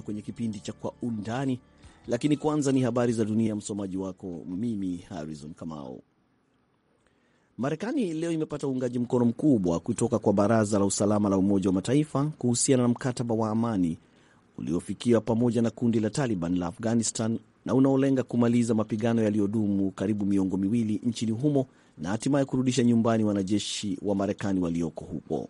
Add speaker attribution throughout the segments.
Speaker 1: sana kwenye kipindi cha Kwa Undani, lakini kwanza ni habari za dunia. Msomaji wako mimi Harrison Kamau. Marekani leo imepata uungaji mkono mkubwa kutoka kwa Baraza la Usalama la Umoja wa Mataifa kuhusiana na mkataba wa amani uliofikiwa pamoja na kundi la Taliban la Afghanistan na unaolenga kumaliza mapigano yaliyodumu karibu miongo miwili nchini humo na hatimaye kurudisha nyumbani wanajeshi wa Marekani walioko huko.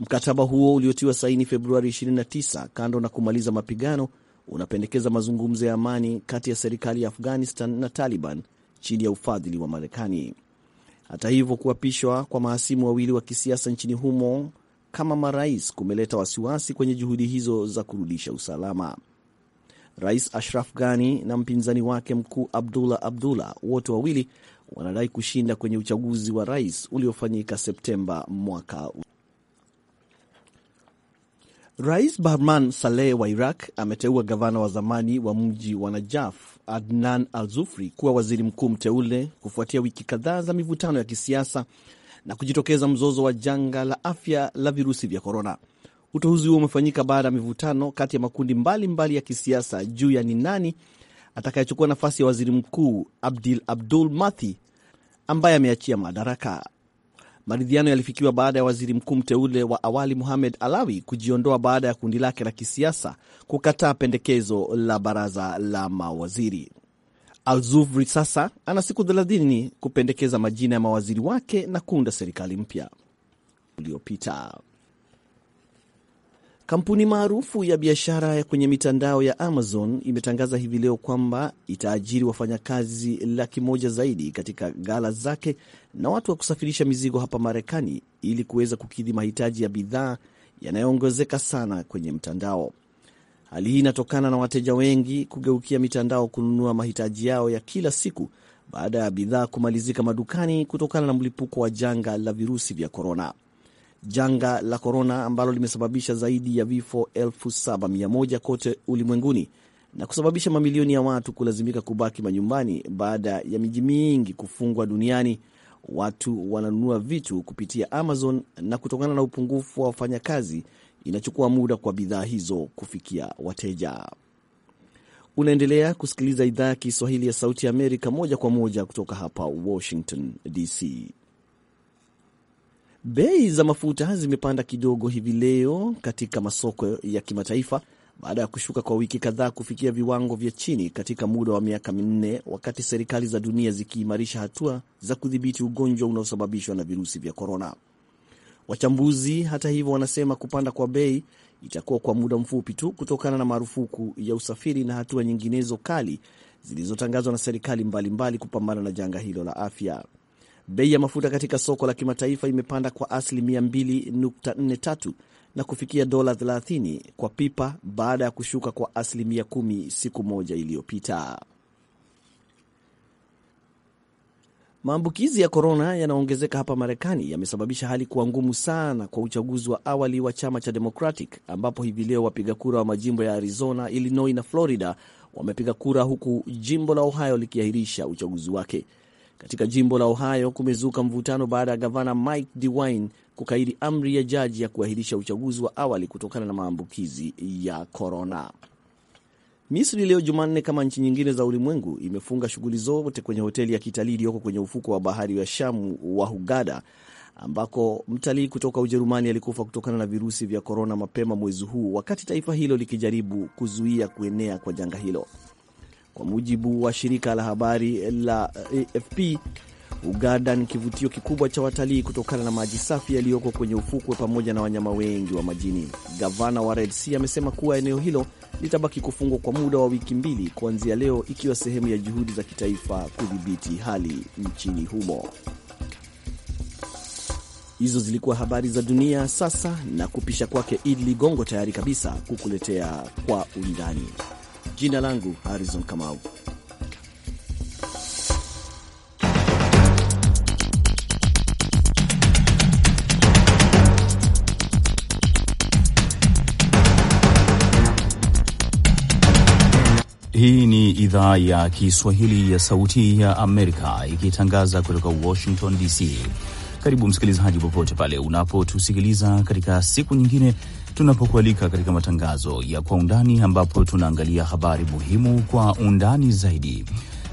Speaker 1: Mkataba huo uliotiwa saini Februari 29 kando na kumaliza mapigano, unapendekeza mazungumzo ya amani kati ya serikali ya Afghanistan na Taliban chini ya ufadhili wa Marekani. Hata hivyo, kuapishwa kwa mahasimu wawili wa kisiasa nchini humo kama marais kumeleta wasiwasi kwenye juhudi hizo za kurudisha usalama. Rais Ashraf Ghani na mpinzani wake mkuu Abdullah Abdullah, wote wawili wanadai kushinda kwenye uchaguzi wa rais uliofanyika Septemba mwaka Rais Bahman Saleh wa Iraq ameteua gavana wa zamani wa mji wa Najaf Adnan Al Zufri kuwa waziri mkuu mteule kufuatia wiki kadhaa za mivutano ya kisiasa na kujitokeza mzozo wa janga la afya la virusi vya korona. Uteuzi huo umefanyika baada ya mivutano kati ya makundi mbalimbali mbali ya kisiasa juu ya ni nani atakayechukua nafasi ya waziri mkuu Abdil Abdul Mathi ambaye ameachia madaraka. Maridhiano yalifikiwa baada ya waziri mkuu mteule wa awali muhamed Alawi kujiondoa baada ya kundi lake la kisiasa kukataa pendekezo la baraza la mawaziri. Alzuvri sasa ana siku 30 kupendekeza majina ya mawaziri wake na kuunda serikali mpya uliopita Kampuni maarufu ya biashara kwenye mitandao ya Amazon imetangaza hivi leo kwamba itaajiri wafanyakazi laki moja zaidi katika ghala zake na watu wa kusafirisha mizigo hapa Marekani ili kuweza kukidhi mahitaji ya bidhaa yanayoongezeka sana kwenye mtandao. Hali hii inatokana na wateja wengi kugeukia mitandao kununua mahitaji yao ya kila siku baada ya bidhaa kumalizika madukani kutokana na mlipuko wa janga la virusi vya korona janga la korona ambalo limesababisha zaidi ya vifo 7100 kote ulimwenguni na kusababisha mamilioni ya watu kulazimika kubaki manyumbani baada ya miji mingi kufungwa duniani. Watu wananunua vitu kupitia Amazon na kutokana na upungufu wa wafanyakazi, inachukua muda kwa bidhaa hizo kufikia wateja. Unaendelea kusikiliza idhaa ya Kiswahili ya Sauti ya Amerika moja kwa moja kutoka hapa Washington DC. Bei za mafuta zimepanda kidogo hivi leo katika masoko ya kimataifa baada ya kushuka kwa wiki kadhaa kufikia viwango vya chini katika muda wa miaka minne, wakati serikali za dunia zikiimarisha hatua za kudhibiti ugonjwa unaosababishwa na virusi vya korona. Wachambuzi hata hivyo, wanasema kupanda kwa bei itakuwa kwa muda mfupi tu kutokana na marufuku ya usafiri na hatua nyinginezo kali zilizotangazwa na serikali mbalimbali kupambana na janga hilo la afya. Bei ya mafuta katika soko la kimataifa imepanda kwa asilimia 2.43 na kufikia dola 30 kwa pipa baada ya kushuka kwa asilimia 10 siku moja iliyopita. Maambukizi ya korona yanaongezeka hapa Marekani yamesababisha hali kuwa ngumu sana kwa uchaguzi wa awali wa chama cha Democratic ambapo hivi leo wapiga kura wa majimbo ya Arizona, Illinois na Florida wamepiga kura huku jimbo la Ohio likiahirisha uchaguzi wake. Katika jimbo la Ohio kumezuka mvutano baada ya gavana Mike DeWine kukaidi amri ya jaji ya kuahirisha uchaguzi wa awali kutokana na maambukizi ya korona. Misri leo Jumanne, kama nchi nyingine za ulimwengu, imefunga shughuli zote kwenye hoteli ya kitalii iliyoko kwenye ufuko wa bahari ya Shamu wa hugada ambako mtalii kutoka Ujerumani alikufa kutokana na virusi vya korona mapema mwezi huu, wakati taifa hilo likijaribu kuzuia kuenea kwa janga hilo. Kwa mujibu wa shirika la habari la AFP, Uganda ni kivutio kikubwa cha watalii kutokana na maji safi yaliyoko kwenye ufukwe pamoja na wanyama wengi wa majini. Gavana wa Red Sea amesema kuwa eneo hilo litabaki kufungwa kwa muda wa wiki mbili kuanzia leo, ikiwa sehemu ya juhudi za kitaifa kudhibiti hali nchini humo. Hizo zilikuwa habari za dunia. Sasa na kupisha kwake Idli Gongo, tayari kabisa kukuletea kwa undani Jina langu Harrison Kamau.
Speaker 2: Hii ni idhaa ya Kiswahili ya Sauti ya Amerika ikitangaza kutoka Washington DC. Karibu msikilizaji, popote pale unapotusikiliza katika siku nyingine tunapokualika katika matangazo ya kwa undani, ambapo tunaangalia habari muhimu kwa undani zaidi.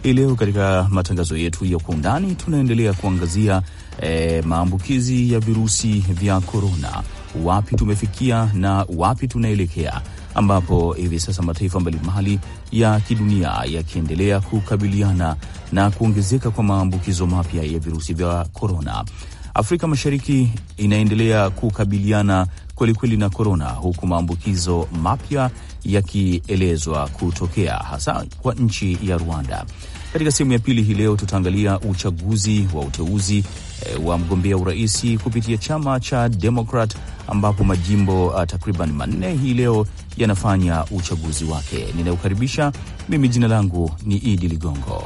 Speaker 2: Hii leo katika matangazo yetu ya kwa undani tunaendelea kuangazia e, maambukizi ya virusi vya korona, wapi tumefikia na wapi tunaelekea, ambapo hivi sasa mataifa mbalimbali ya kidunia yakiendelea kukabiliana na kuongezeka kwa maambukizo mapya ya virusi vya korona. Afrika Mashariki inaendelea kukabiliana kwelikweli na korona, huku maambukizo mapya yakielezwa kutokea hasa kwa nchi ya Rwanda. Katika sehemu ya pili hii leo tutaangalia uchaguzi wa uteuzi e, wa mgombea uraisi kupitia chama cha Demokrat ambapo majimbo ah, takriban manne hii leo yanafanya uchaguzi wake. Ninayokaribisha mimi, jina langu ni Idi Ligongo.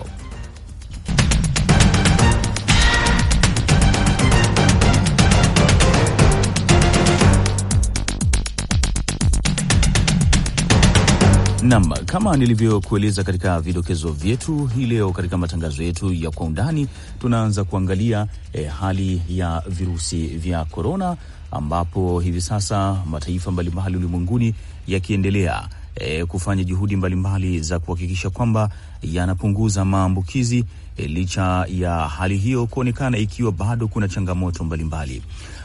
Speaker 2: Nam, kama nilivyokueleza katika vidokezo vyetu hii leo, katika matangazo yetu ya kwa undani, tunaanza kuangalia eh, hali ya virusi vya korona, ambapo hivi sasa mataifa mbalimbali ulimwenguni yakiendelea eh, kufanya juhudi mbalimbali mbali za kuhakikisha kwamba yanapunguza maambukizi E, licha ya hali hiyo kuonekana ikiwa bado kuna changamoto mbalimbali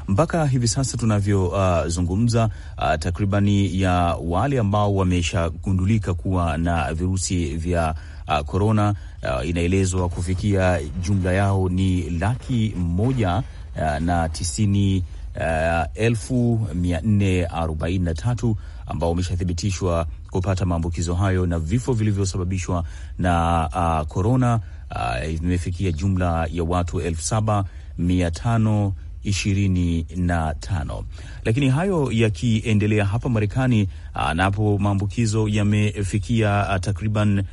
Speaker 2: mpaka hivi sasa tunavyozungumza. Uh, uh, takribani ya wale ambao wameshagundulika kuwa na virusi vya korona uh, uh, inaelezwa kufikia jumla yao ni laki moja uh, na tisini Uh, elfu mia nne arobaini na tatu ambao wameshathibitishwa kupata maambukizo hayo na vifo vilivyosababishwa na korona uh, uh, jumla ya watu elfu saba mia tano ishirini na tano. Lakini hayo yakiendelea hapa Marekani, anapo ah, maambukizo yamefikia ah, takriban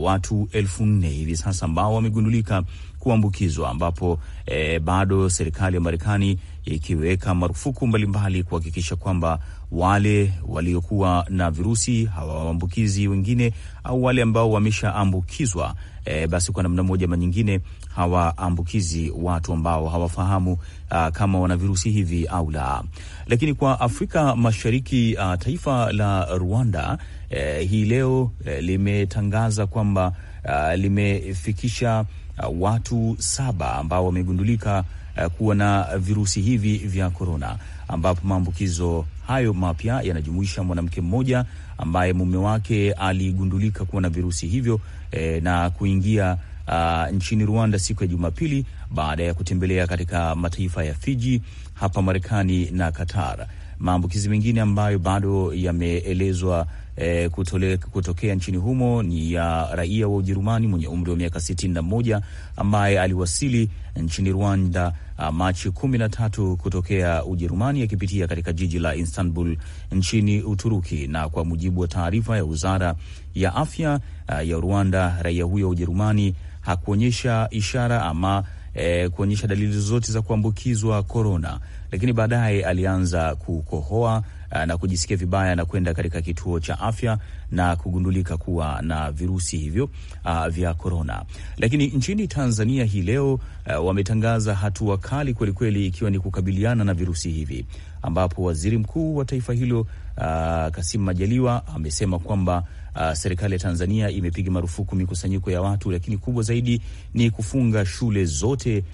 Speaker 2: watu elfu nne hivi sasa ambao wamegundulika kuambukizwa, ambapo e, bado serikali ya Marekani ikiweka marufuku mbalimbali kuhakikisha kwamba wale waliokuwa na virusi hawaambukizi wengine au wale ambao wameshaambukizwa e, basi kwa namna moja ama nyingine hawaambukizi watu ambao hawafahamu a, ah, kama wana virusi hivi au la. Lakini kwa Afrika Mashariki a, ah, taifa la Rwanda e, hii leo e, limetangaza kwamba ah, limefikisha uh, watu saba ambao wamegundulika uh, kuwa na virusi hivi vya korona, ambapo maambukizo hayo mapya yanajumuisha mwanamke mmoja ambaye mume wake aligundulika kuwa na virusi hivyo eh, na kuingia Uh, nchini Rwanda siku ya Jumapili baada ya kutembelea katika mataifa ya Fiji hapa Marekani na Qatar. Maambukizi mengine ambayo bado yameelezwa e, kutole, kutokea nchini humo ni ya raia wa Ujerumani mwenye umri wa miaka 61 ambaye aliwasili nchini Rwanda ah, Machi 13 kutokea Ujerumani akipitia katika jiji la Istanbul nchini Uturuki. Na kwa mujibu wa taarifa ya wizara ya afya ah, ya Rwanda, raia huyo wa Ujerumani hakuonyesha ishara ama e, kuonyesha dalili zozote za kuambukizwa korona, lakini baadaye alianza kukohoa Ah, na kujisikia vibaya na kwenda katika kituo cha afya na kugundulika kuwa na virusi hivyo uh, vya korona. Lakini nchini Tanzania hii leo uh, wametangaza hatua kali kwelikweli, ikiwa ni kukabiliana na virusi hivi, ambapo waziri mkuu wa taifa hilo Uh, Kasim Majaliwa amesema kwamba uh, serikali ya Tanzania imepiga marufuku mikusanyiko ya watu, lakini kubwa zaidi ni kufunga shule zote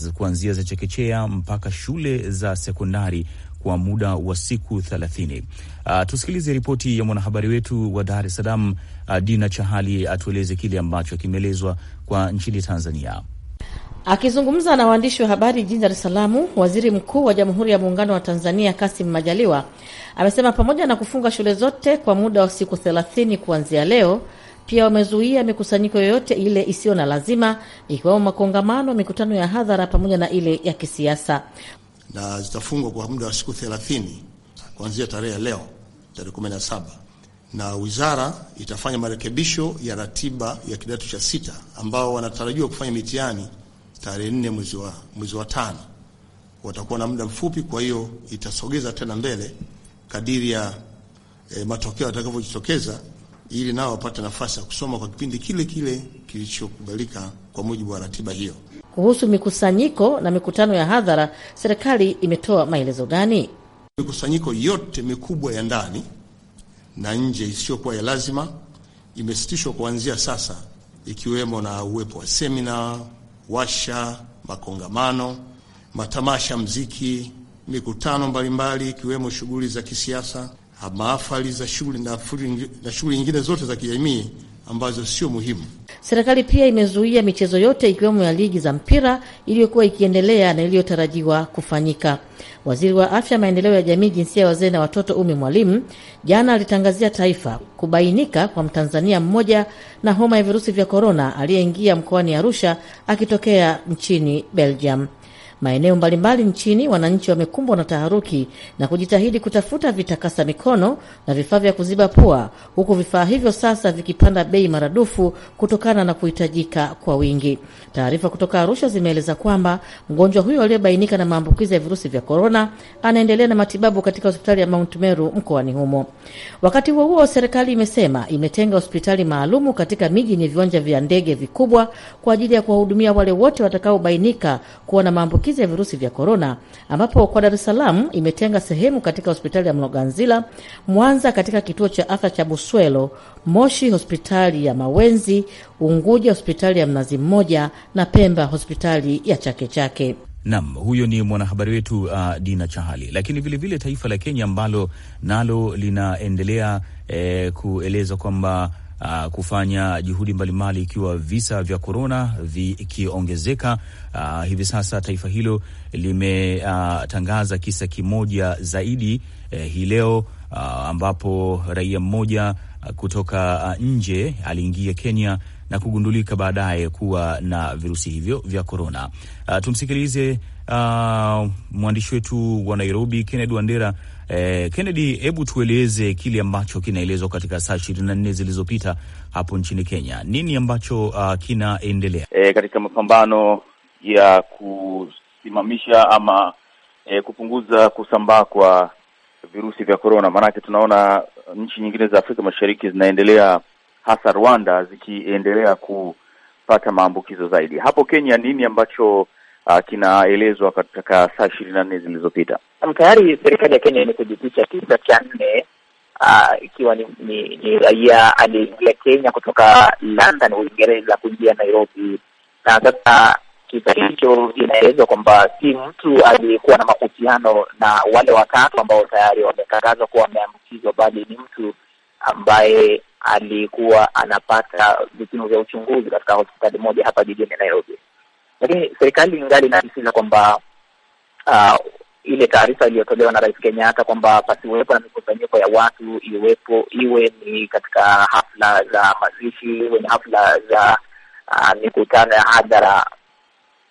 Speaker 2: uh, kuanzia za chekechea mpaka shule za sekondari kwa muda wa siku thelathini. Uh, tusikilize ripoti ya mwanahabari wetu wa Dar es Salaam uh, Dina Chahali atueleze kile ambacho kimeelezwa kwa nchini Tanzania.
Speaker 3: Akizungumza na waandishi wa habari jijini Dar es Salaam, waziri mkuu wa Jamhuri ya Muungano wa Tanzania Kassim Majaliwa amesema pamoja na kufunga shule zote kwa muda wa siku thelathini kuanzia leo, pia wamezuia mikusanyiko yoyote ile isiyo na lazima, ikiwemo makongamano, mikutano ya hadhara pamoja na ile ya kisiasa
Speaker 1: na zitafungwa kwa muda wa siku 30 kuanzia tarehe ya leo tarehe 17, na wizara itafanya marekebisho ya ratiba ya kidato cha sita ambao wanatarajiwa kufanya mitihani tarehe nne mwezi wa mwezi wa tano. Watakuwa na muda mfupi, kwa hiyo itasogeza tena mbele kadiri ya e, matokeo yatakavyojitokeza ili nao wapate nafasi ya kusoma kwa kipindi kile kile kilichokubalika kwa mujibu wa ratiba hiyo.
Speaker 3: Kuhusu mikusanyiko na mikutano ya hadhara, serikali imetoa maelezo gani?
Speaker 1: Mikusanyiko yote mikubwa ya ndani na nje isiyokuwa ya lazima imesitishwa kuanzia sasa, ikiwemo na uwepo wa semina, washa, makongamano, matamasha mziki, mikutano mbalimbali ikiwemo shughuli za kisiasa, mahafali za shule na shughuli nyingine zote za kijamii ambazo sio muhimu.
Speaker 3: Serikali pia imezuia michezo yote ikiwemo ya ligi za mpira iliyokuwa ikiendelea na iliyotarajiwa kufanyika. Waziri wa Afya, Maendeleo ya Jamii, Jinsia ya Wazee na Watoto, Umi Mwalimu, jana alitangazia taifa kubainika kwa Mtanzania mmoja na homa ya virusi vya korona aliyeingia mkoani Arusha akitokea nchini Belgium. Maeneo mbalimbali nchini, wananchi wamekumbwa na taharuki na kujitahidi kutafuta vitakasa mikono na vifaa vya kuziba pua, huku vifaa hivyo sasa vikipanda bei maradufu kutokana na kuhitajika kwa wingi. Taarifa kutoka Arusha zimeeleza kwamba mgonjwa huyo aliyebainika na maambukizi ya virusi vya korona anaendelea na matibabu katika hospitali ya Mount Meru mkoani humo. Wakati huo huo, serikali imesema imetenga hospitali maalumu katika miji yenye viwanja vya ndege vikubwa kwa ajili ya kuwahudumia wale wote watakaobainika kuwa na maambukizi maambukizi ya virusi vya korona, ambapo kwa Dar es Salaam imetenga sehemu katika hospitali ya Mloganzila, Mwanza katika kituo cha afya cha Buswelo, Moshi hospitali ya Mawenzi, Unguja hospitali ya Mnazi Mmoja na Pemba hospitali ya Chake Chake.
Speaker 2: Nam, huyo ni mwanahabari wetu uh, Dina Chahali. Lakini vilevile vile taifa la Kenya ambalo nalo linaendelea eh, kueleza kwamba uh, kufanya juhudi mbalimbali, ikiwa visa vya korona vikiongezeka. Uh, hivi sasa taifa hilo limetangaza uh, kisa kimoja zaidi uh, hii leo uh, ambapo raia mmoja uh, kutoka uh, nje aliingia Kenya na kugundulika baadaye kuwa na virusi hivyo vya korona. Uh, tumsikilize uh, mwandishi wetu wa Nairobi Kennedy Wandera Eh, Kennedy, hebu tueleze kile ambacho kinaelezwa katika saa ishirini na nne zilizopita hapo nchini Kenya. Nini ambacho uh, kinaendelea e, katika mapambano ya kusimamisha ama e, kupunguza kusambaa kwa virusi vya korona? Maanake tunaona nchi nyingine za Afrika Mashariki zinaendelea hasa Rwanda zikiendelea kupata maambukizo zaidi. Hapo Kenya nini ambacho uh, ah, kinaelezwa katika saa ishirini na nne zilizopita.
Speaker 4: Tayari serikali ya Kenya imekudhibitisha kisa cha nne uh, ikiwa ni, ni, ni raia aliyeingia Kenya kutoka London, Uingereza kuingia Nairobi, na sasa kisa hicho inaelezwa kwamba si mtu aliyekuwa na mahusiano na wale watatu ambao tayari wametangazwa kuwa wameambukizwa, bali ni mtu ambaye alikuwa anapata vipimo vya uchunguzi katika hospitali moja hapa jijini Nairobi lakini serikali ingali inasisitiza kwamba uh, ile taarifa iliyotolewa na Rais Kenyatta kwamba pasiwepo na mikusanyiko ya watu, iwepo iwe ni katika hafla za mazishi, iwe ni hafla za uh, mikutano ya hadhara,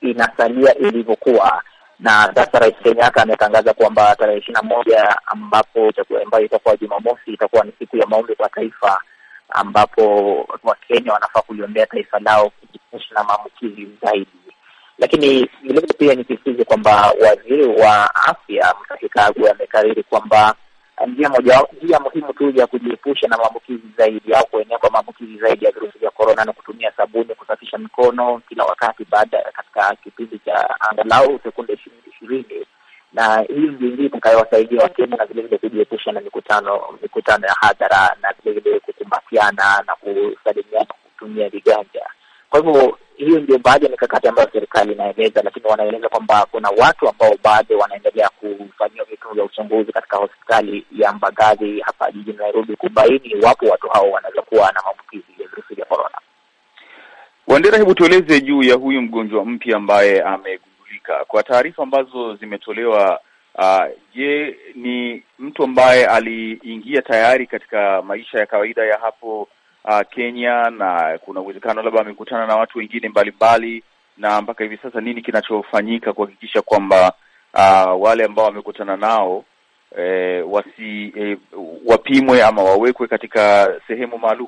Speaker 4: inasalia ilivyokuwa. Na sasa Rais Kenyatta ametangaza kwamba tarehe ishirini na moja ambapo ambayo itakuwa Jumamosi itakuwa ni siku ya maombi kwa taifa, ambapo Wakenya wanafaa kuliombea taifa lao kujikusha na maambukizi zaidi. Lakini vilevile pia nisisitize kwamba waziri wa afya Mutahi Kagwe amekariri kwamba njia moja njia muhimu tu ya kujiepusha na maambukizi zaidi au kuenea kwa maambukizi zaidi ya virusi vya korona ni kutumia sabuni, kusafisha mikono kila wakati baada katika kipindi cha angalau sekunde ishirini, na hii ndio njia itakayowasaidia Wakenya na vilevile kujiepusha na mikutano mikutano ya hadhara na vilevile kukumbatiana na kusalimiana kutumia viganja. Kwa hivyo hiyo ndio baadhi ya mikakati ambayo serikali inaeleza, lakini wanaeleza kwamba kuna watu ambao bado wanaendelea kufanyiwa vituo vya uchunguzi katika hospitali ya Mbagathi hapa jijini Nairobi kubaini iwapo watu hao wanaweza kuwa na
Speaker 2: maambukizi ya virusi vya korona. Wandera, hebu tueleze juu ya huyu mgonjwa mpya ambaye amegundulika. Kwa taarifa ambazo zimetolewa, uh, je, ni mtu ambaye aliingia tayari katika maisha ya kawaida ya hapo uh, Kenya na kuna uwezekano labda amekutana na watu wengine mbalimbali, na mpaka hivi sasa nini kinachofanyika kuhakikisha kwamba uh, wale ambao wamekutana nao eh, wasi eh, wapimwe ama wawekwe katika sehemu maalum?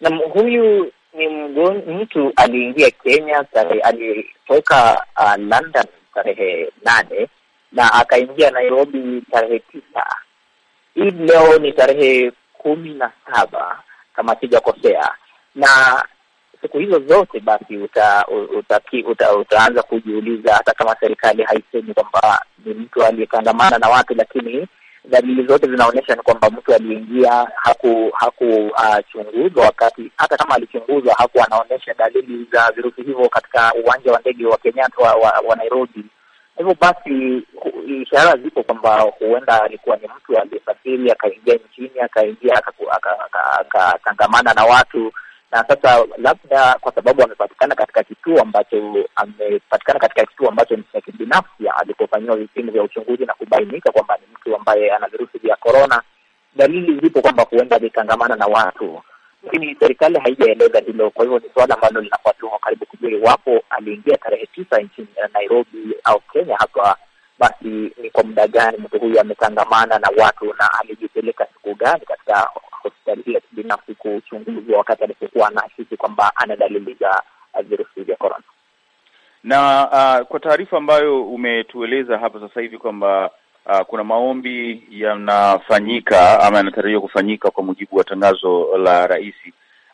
Speaker 4: Na huyu ni mgon, mtu aliingia Kenya tarehe, alitoka uh, London tarehe nane na akaingia Nairobi tarehe tisa. Hii leo ni tarehe kumi na saba kama sijakosea, na siku hizo zote basi uta, uta, uta, utaanza kujiuliza, hata kama serikali haisemi kwamba ni mtu aliyekandamana na watu, lakini dalili zote zinaonyesha ni kwamba mtu aliyeingia haku hakuchunguzwa ah, uh, wakati hata kama alichunguzwa haku anaonyesha dalili za virusi hivyo katika uwanja wa ndege wa Kenyatta wa, wa, wa Nairobi Hivyo basi ishara zipo kwamba huenda alikuwa ni mtu aliyesafiri akaingia nchini akaingia akatangamana na watu, na sasa labda kwa sababu amepatikana katika kituo ambacho amepatikana katika kituo ambacho ni cha kibinafsi alikofanyiwa vipimo vya uchunguzi na kubainika kwamba ni mtu ambaye ana virusi vya korona, dalili zipo kwamba huenda alitangamana na watu lakini serikali haijaeleza hilo. Kwa hivyo ni suala ambalo linafuatiliwa karibu kujua iwapo aliingia tarehe tisa nchini Nairobi au Kenya hapa, basi ni kwa muda gani mtu huyu ametangamana na watu na alijipeleka siku gani katika hospitali hii ya kibinafsi kuchunguzwa wakati alipokuwa anahisi kwamba ana dalili za virusi
Speaker 2: vya korona. Na uh, kwa taarifa ambayo umetueleza hapa sasa hivi kwamba Uh, kuna maombi yanafanyika ama yanatarajiwa kufanyika kwa mujibu wa tangazo la rais.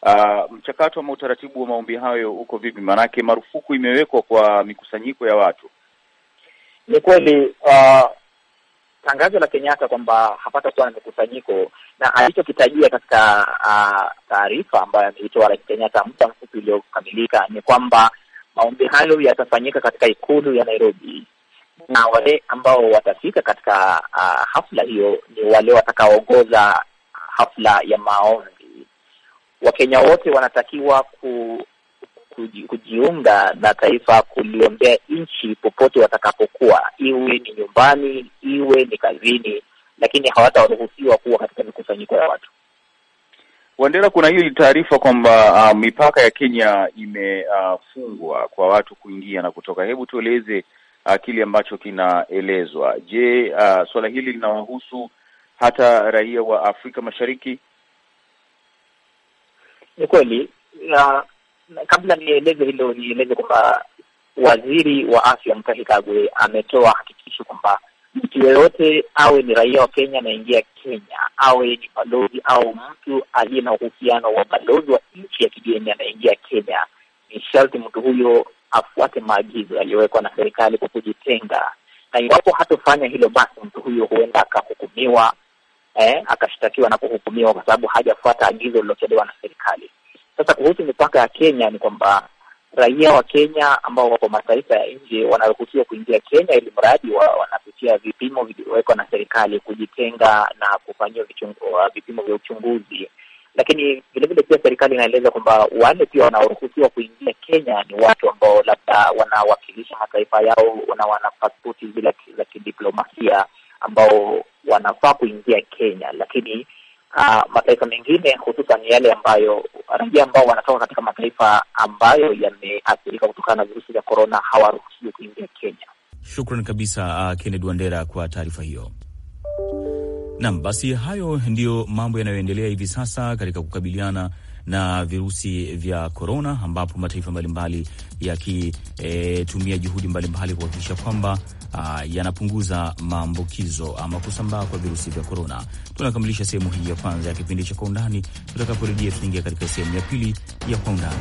Speaker 2: Uh, mchakato ama utaratibu wa maombi hayo uko vipi? Maanake marufuku imewekwa kwa mikusanyiko ya watu. Ni kweli uh, tangazo la Kenyatta kwamba hapatakuwa na mikusanyiko na alichokitajia
Speaker 4: katika uh, taarifa ambayo ameitoa Rais Kenyatta muda mfupi uliokamilika ni kwamba maombi hayo yatafanyika katika ikulu ya Nairobi na wale ambao watafika katika uh, hafla hiyo ni wale watakaoongoza hafla ya maombi. Wakenya wote wanatakiwa ku, kuji, kujiunga na taifa kuliombea nchi popote watakapokuwa, iwe ni nyumbani, iwe ni kazini, lakini hawataruhusiwa kuwa katika mikusanyiko ya watu.
Speaker 2: Wandera, kuna hiyo taarifa kwamba uh, mipaka ya Kenya imefungwa uh, kwa watu kuingia na kutoka. Hebu tueleze uh, kile ambacho kinaelezwa. Je, uh, suala hili linawahusu hata raia wa Afrika Mashariki? Ni kweli
Speaker 4: na, na kabla nieleze hilo nieleze kwamba waziri wa afya Mutahi Kagwe ametoa hakikisho kwamba mtu yeyote awe ni raia wa Kenya anaingia Kenya, awe ni balozi au mtu aliye na uhusiano wa balozi wa nchi ya kigeni anaingia Kenya, ni sharti mtu huyo afuate maagizo yaliyowekwa na serikali kwa kujitenga, na iwapo hatofanya hilo, basi mtu huyo huenda akahukumiwa, eh, akashtakiwa na kuhukumiwa kwa sababu hajafuata agizo lililotolewa na serikali. Sasa kuhusu mipaka ya Kenya ni kwamba raia wa Kenya ambao wako mataifa ya nje wanaruhusiwa kuingia Kenya ili mradi wa wanapitia vipimo vilivyowekwa na serikali, kujitenga na kufanyiwa vipimo vya uchunguzi lakini vilevile pia serikali inaeleza kwamba wale pia wanaoruhusiwa kuingia Kenya ni watu ambao labda wanawakilisha mataifa yao na wana paspoti zile za kidiplomasia ambao wanafaa kuingia Kenya, lakini uh, mataifa mengine hususan yale ambayo raia ambao wanatoka katika mataifa ambayo yameathirika kutokana na virusi vya korona hawaruhusiwi kuingia Kenya.
Speaker 2: Shukran kabisa, uh, Kennedy Wandera kwa taarifa hiyo. Nam, basi hayo ndiyo mambo yanayoendelea hivi sasa katika kukabiliana na virusi vya korona, ambapo mataifa mbalimbali yakitumia e, juhudi mbalimbali kuhakikisha kwamba ah, yanapunguza maambukizo ama kusambaa kwa virusi vya korona. Tunakamilisha sehemu hii ya kwanza ya kipindi cha Kwa Undani. Tutakaporejea, tunaingia katika sehemu ya pili ya Kwa Undani.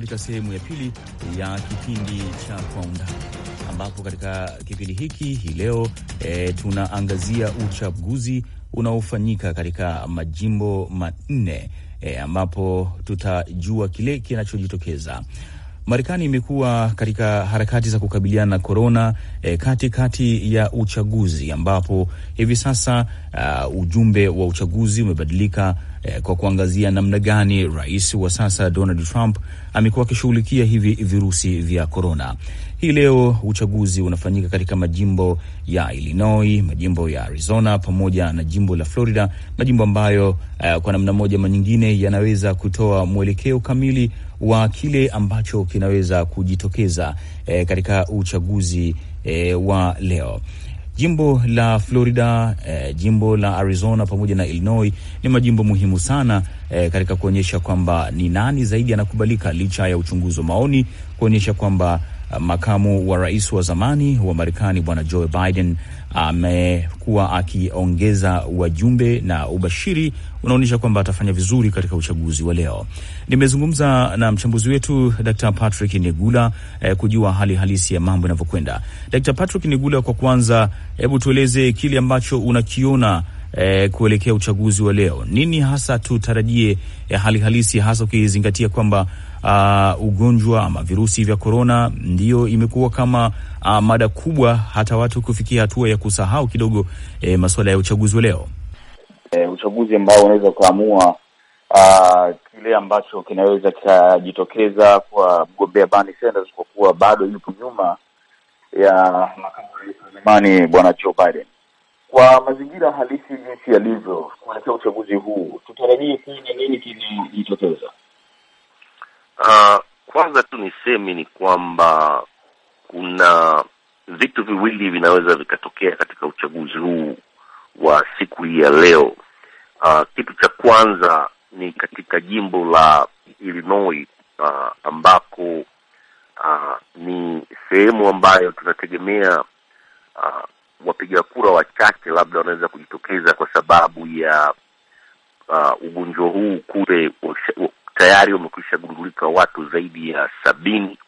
Speaker 2: katika sehemu ya pili ya kipindi cha Kwa Undani, ambapo katika kipindi hiki hii leo e, tunaangazia uchaguzi unaofanyika katika majimbo manne e, ambapo tutajua kile kinachojitokeza. Marekani imekuwa katika harakati za kukabiliana na korona e, eh, kati kati ya uchaguzi ambapo hivi sasa uh, ujumbe wa uchaguzi umebadilika eh, kwa kuangazia namna gani rais wa sasa Donald Trump amekuwa akishughulikia hivi virusi vya korona. Hii leo uchaguzi unafanyika katika majimbo ya Illinois, majimbo ya Arizona pamoja na jimbo la Florida, majimbo ambayo uh, kwa namna moja ama nyingine yanaweza kutoa mwelekeo kamili wa kile ambacho kinaweza kujitokeza eh, katika uchaguzi eh, wa leo. Jimbo la Florida, eh, jimbo la Arizona pamoja na Illinois ni majimbo muhimu sana eh, katika kuonyesha kwamba ni nani zaidi anakubalika, licha ya uchunguzi wa maoni kuonyesha kwamba eh, makamu wa rais wa zamani wa Marekani Bwana Joe Biden amekuwa akiongeza wajumbe na ubashiri unaonyesha kwamba atafanya vizuri katika uchaguzi wa leo. Nimezungumza na mchambuzi wetu Dr. Patrick Nigula eh, kujua hali halisi ya mambo inavyokwenda. Dr. Patrick Nigula, kwa kwanza, hebu tueleze kile ambacho unakiona eh, kuelekea uchaguzi wa leo, nini hasa tutarajie eh, hali halisi, hasa ukizingatia kwamba Uh, ugonjwa ama virusi vya korona ndiyo imekuwa kama uh, mada kubwa, hata watu kufikia hatua ya kusahau kidogo eh, masuala ya uchaguzi wa leo eh, uchaguzi ambao unaweza ukaamua uh, kile ambacho kinaweza kikajitokeza kwa mgombea Bernie Sanders kwa kuwa bado yupo nyuma ya makamu rais wa zamani bwana Joe Biden kwa mazingira halisi jinsi yalivyo
Speaker 5: kuelekea uchaguzi huu, tutarajie kuona nini kinajitokeza? Uh, ah, kwanza tu niseme ni kwamba kuna vitu viwili vinaweza vikatokea katika uchaguzi huu wa siku hii ya leo. Uh, kitu cha kwanza ni katika jimbo la Illinois uh, ambako uh, ni sehemu ambayo tunategemea uh, wapiga kura wachache labda wanaweza kujitokeza kwa sababu ya uh, ugonjwa huu kule tayari wamekwisha gundulika watu zaidi ya sabini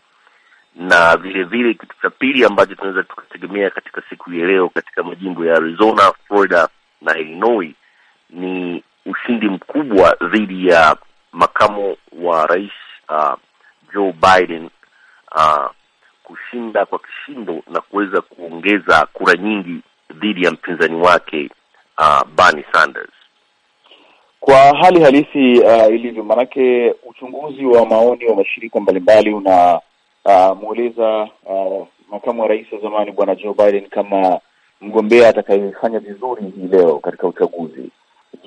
Speaker 5: na vile vile kitu cha pili ambacho tunaweza tukategemea katika siku ya leo katika majimbo ya Arizona, Florida na Illinois ni ushindi mkubwa dhidi ya makamo wa rais uh, Joe Biden uh, kushinda kwa kishindo na kuweza kuongeza kura nyingi dhidi ya mpinzani wake uh, Bernie Sanders.
Speaker 2: Kwa hali halisi uh, ilivyo, maanake uchunguzi wa maoni wa mashirika mbalimbali una uh, uh, makamu wa rais wa zamani bwana Joe Biden kama mgombea atakayefanya vizuri hii leo katika uchaguzi.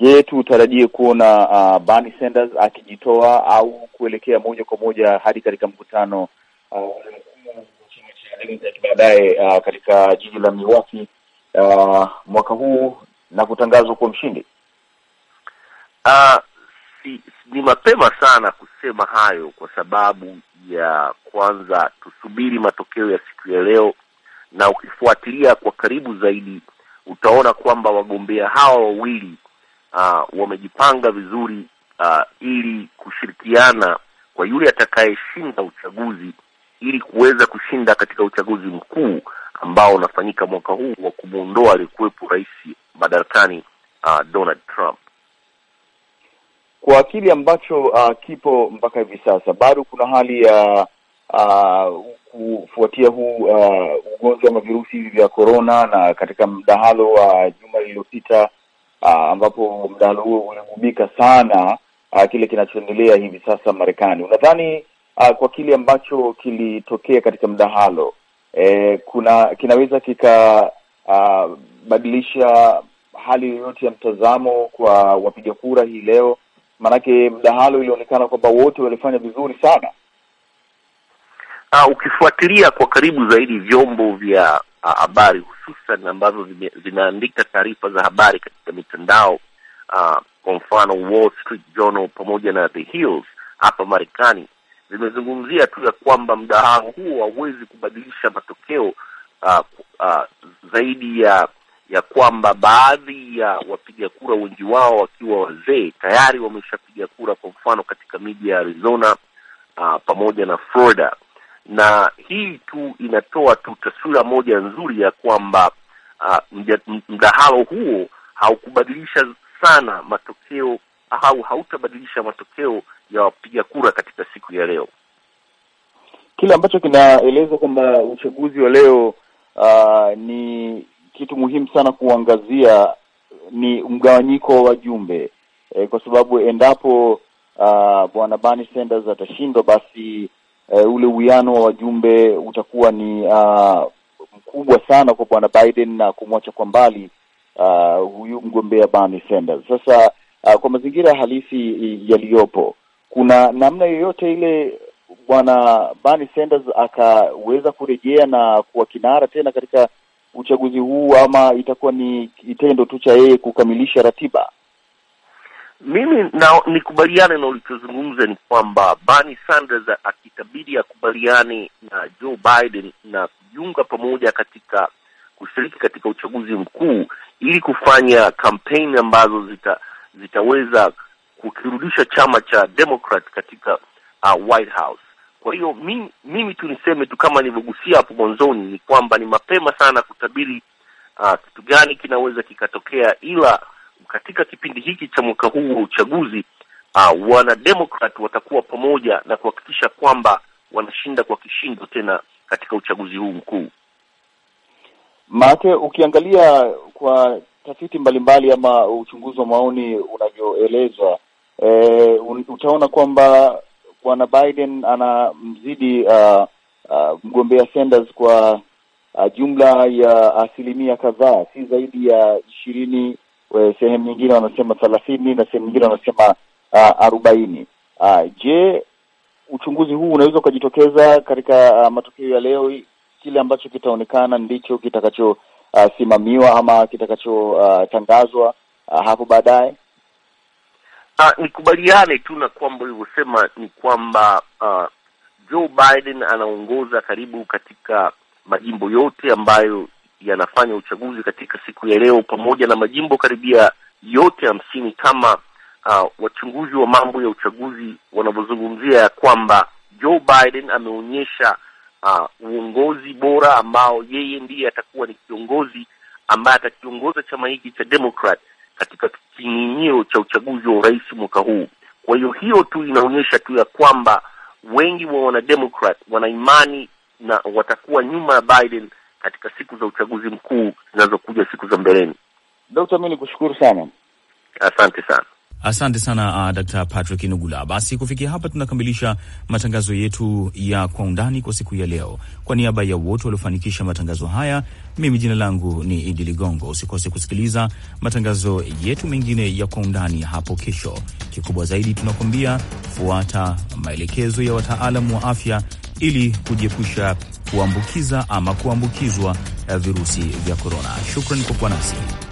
Speaker 2: Je, tutarajie kuona uh, Bernie Sanders akijitoa au kuelekea moja kwa moja hadi katika mkutano uh,
Speaker 5: baadaye uh,
Speaker 2: katika jiji la miwaki uh, mwaka huu na kutangazwa kuwa mshindi.
Speaker 5: Uh, si, ni mapema sana kusema hayo kwa sababu ya kwanza, tusubiri matokeo ya siku ya leo, na ukifuatilia kwa karibu zaidi utaona kwamba wagombea hawa wawili uh, wamejipanga vizuri uh, ili kushirikiana kwa yule atakayeshinda uchaguzi ili kuweza kushinda katika uchaguzi mkuu ambao unafanyika mwaka huu wa kumwondoa aliyekuwepo rais madarakani uh, Donald Trump. Kwa kile ambacho uh,
Speaker 2: kipo mpaka hivi sasa, bado kuna hali ya uh, uh, kufuatia huu uh, ugonjwa wa virusi hivi vya korona, na katika mdahalo wa uh, juma lililopita uh, ambapo mdahalo huo uligubika sana uh, kile kinachoendelea hivi sasa Marekani, unadhani uh, kwa kile ambacho kilitokea katika mdahalo eh, kuna kinaweza kikabadilisha ah, uh, hali yoyote ya mtazamo kwa wapiga kura hii leo? Maanake mdahalo ilionekana kwamba wote walifanya vizuri sana.
Speaker 5: Uh, ukifuatilia kwa karibu zaidi vyombo vya habari uh, hususan ambavyo vinaandika taarifa za habari katika mitandao uh, kwa mfano Wall Street Journal pamoja na The Hills hapa Marekani zimezungumzia tu ya kwamba mdahalo huo hauwezi kubadilisha matokeo uh, uh, zaidi ya ya kwamba baadhi ya wapiga kura wengi wao wakiwa wazee tayari wameshapiga kura, kwa mfano katika miji ya Arizona uh, pamoja na Florida, na hii tu inatoa tu taswira moja nzuri ya kwamba uh, mdahalo huo haukubadilisha sana matokeo au hautabadilisha matokeo ya wapiga kura katika siku ya leo.
Speaker 2: Kile ambacho kinaelezwa kwamba uchaguzi wa leo uh, ni kitu muhimu sana kuangazia uh, ni mgawanyiko wa wajumbe e, eh, kwa sababu endapo uh, bwana Bernie Sanders atashindwa, basi uh, ule uwiano wa wajumbe utakuwa ni uh, mkubwa sana kwa bwana Biden na kumwacha kwa mbali uh, huyu mgombea Bernie Sanders. Sasa uh, kwa mazingira halisi yaliyopo, kuna namna yoyote ile bwana Bernie Sanders akaweza kurejea na kuwa kinara tena katika uchaguzi huu, ama itakuwa ni kitendo tu cha yeye kukamilisha ratiba?
Speaker 5: Mimi na nikubaliane na ulichozungumza ni kwamba Bernie Sanders akitabidi akubaliane na Joe Biden na kujiunga pamoja katika kushiriki katika uchaguzi mkuu ili kufanya kampeni ambazo zita zitaweza kukirudisha chama cha Democrat katika uh, White House. Kwa hiyo mimi, mimi tu niseme tu kama nilivyogusia hapo mwanzoni ni kwamba ni mapema sana kutabiri uh, kitu gani kinaweza kikatokea, ila katika kipindi hiki cha mwaka huu wa uchaguzi uh, wanademokrat watakuwa pamoja na kuhakikisha kwamba wanashinda kwa kishindo tena katika uchaguzi huu mkuu.
Speaker 2: Maake ukiangalia kwa tafiti mbalimbali ama uchunguzi wa maoni unavyoelezwa, e, utaona kwamba bwana Biden anamzidi uh, uh, mgombea Sanders kwa uh, jumla ya asilimia kadhaa, si zaidi ya ishirini. Eh, sehemu nyingine wanasema thelathini na sehemu nyingine wanasema uh, arobaini. Uh, je, uchunguzi huu unaweza ukajitokeza katika uh, matokeo ya leo? Kile ambacho kitaonekana ndicho kitakacho uh, simamiwa ama kitakachotangazwa uh, uh, hapo baadaye?
Speaker 5: Uh, nikubaliane tu na kwamba ulivyosema ni kwamba uh, Joe Biden anaongoza karibu katika majimbo yote ambayo yanafanya uchaguzi katika siku ya leo, pamoja na majimbo karibia yote hamsini kama uh, wachunguzi wa mambo ya uchaguzi wanavyozungumzia ya kwamba Joe Biden ameonyesha uh, uongozi bora ambao yeye ndiye atakuwa ni kiongozi ambaye atakiongoza chama hiki cha Democrat katika kinyinyio cha uchaguzi wa urais mwaka huu. Kwa hiyo hiyo tu inaonyesha tu ya kwamba wengi wa wanademokrat wanaimani na watakuwa nyuma ya Biden katika siku za uchaguzi mkuu zinazokuja siku za mbeleni. Dokta, mimi ni kushukuru sana, asante sana.
Speaker 2: Asante sana uh, Dkt. Patrick Nugula. Basi kufikia hapa tunakamilisha matangazo yetu ya kwa undani kwa siku ya leo. Kwa niaba ya wote waliofanikisha matangazo haya, mimi jina langu ni Idi Ligongo. Usikose kusikiliza matangazo yetu mengine ya kwa undani hapo kesho. Kikubwa zaidi, tunakuambia fuata maelekezo ya wataalamu wa afya ili kujiepusha kuambukiza ama kuambukizwa eh, virusi vya korona. Shukran kwa kuwa nasi.